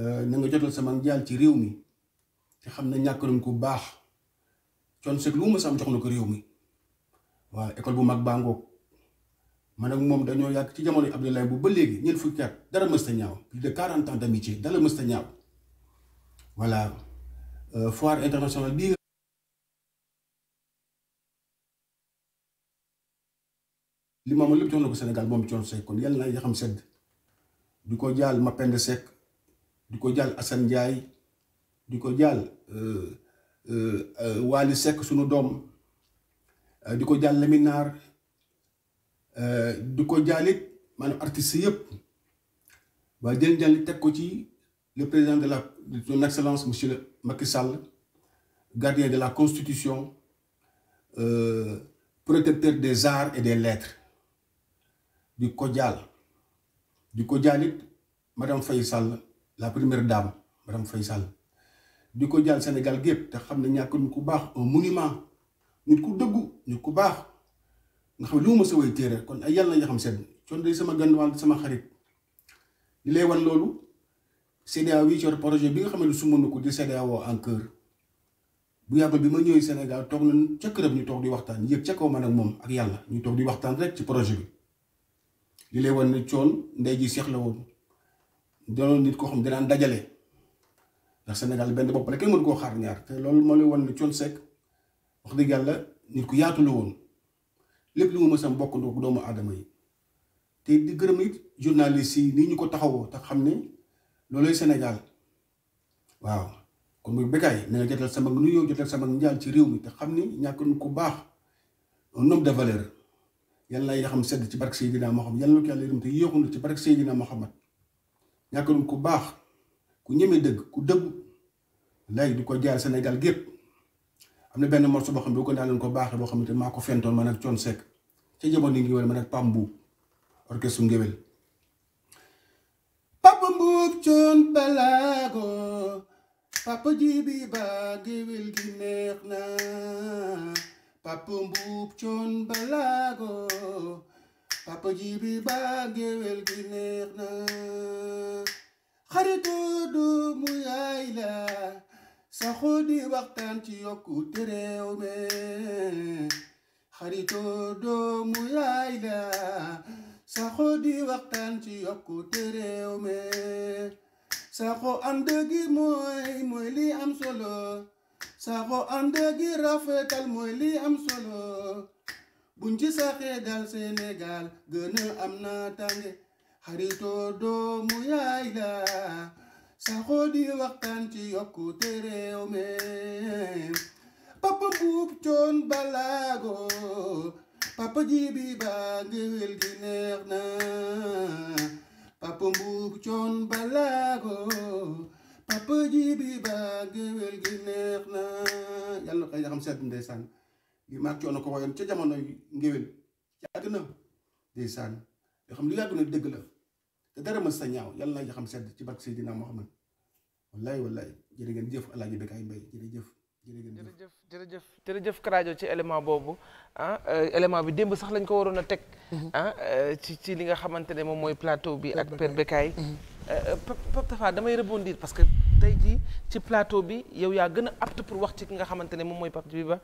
Euh, na nga jotal sama njaal ci réew mi te xam na ñàkk nañ ko baax coon sëg lu ma sam jox na ko réew mi waaw école bu mag baa ngoog man ak moom dañoo yàgg ci jamono Abdoulaye bu ba léegi ñeent fukki at dara mësta ñaaw plus de 40 ans d'amitié dara mësta ñaaw voilà euh, foire internationale bii li ma lépp jox na ko Sénégal moom coon sëg kon yàlla na xam sedd du ko jaal ma pend sek di ko jàll Assane Ndiaye di ko jàll euh, euh, euh, Waly Seck sunu doom di ko jàll Laminar di ko jàllit maanaam artistes yëpp waa jël jàll teg ko ci le président de la de son excellence monsieur Macky Sall gardien de la constitution protecteur des arts et des lettres di ko jàll di ko jàllit madame Faye Sall. la daam dame madame Faye Sall di ko jàll Sénégal gépp te xam ne ñàkk nit ku baax un monument nit ku dëggu nit ku baax nga xam ne lu ma sa téere kon ay yàlla na xam sedd coon day sama gànnuwaal sama xarit li lay wan loolu CEDEAO wi yor projet bi nga xam ne suma na ko di CEDEAO en bu yàggal bi ma ñëwee Sénégal toog nañ ca këram ñu toog di waxtaan yëg ca kaw man ak moom ak yàlla ñu toog di waxtaan rek ci projet bi li lay wan ne ndey ji seex la woon doonoon nit koo xam dinaan dajale ndax Sénégal benn bopp rek kenn mënu koo xaar ñaar te loolu moo lay wan ne Thione Seck wax dëgg yàlla nit ku yaatu woon lépp lu mu mës doomu aadama yi te di gërëm it journaliste yi nii ñu ko taxawoo te xam ni loolu Sénégal waaw kon muy Bécaye na nga jotal sama nuyoo jotal sama njaal ci réew mi te xam ne ñàkk nu ku baax un homme de valeur yàlla na xam sedd ci barke Seydina Mohamed yàlla na ko yàlla yërëm te yéexu na ñàkkarum ku baax ku ñeme dëgg ku dëggu léegi di ko jaar Sénégal gépp am na benn morceau boo xam ne boo ko naa leen ko baaxee boo xam maa ko fentoon man ak Thione Seck ca jamono yi ngi wér man ak Pape Mboup orchestre ngéwél Pape Mboup Thione Ballago Papa Djibi Ba ngéwél gi neex na Pape Mboup Thione Ballago papa ji bi bàggewel gi neex na xaritoo doomu yaay la saxoo di waxtaan ci yokkute réew me xaritoo doomu yaay la saxoo di waxtaan ci yokkute réew me saxoo ànd gi mooy mooy li am solo saxoo ànd gi rafetal mooy li am solo buñ ci saxee dal Sénégal gën am na tànge xaritoo doomu yaay la saxoo di waxtaan ci yokkute réew mi papa mbuub coon balaago papa jibi baa ngéwél gi neex na papa mbuub coon balaago papa jibi baa ngéwél gi neex na yàlla na koy xam seet ndeysaan li maak coono ko woyoon ca jamonoy ngéwél yàgg na ndeysaan yoo xam li yàgg na dëgg la te dara mës sa ñaaw yàlla na xam sedd ci barke Seydina Muhammad wallaay wallaay jërë ngeen jëf Alaaji Bekaay Mbay jërëjëf jërëjëf jërëjëf jërëjëf ci élément boobu ah, euh, élément bi démb sax lañ ko waroon a teg mhm. ah euh, ci ci li nga xamante ne moom mooy plateau bi ak Père Bekaay mhm. euh, Pape Tafa damay rebondir parce que tey jii ci plateau bi yow yaa gën a apte pour wax ci ki nga xamante ne moom mooy Pape Djiby Ba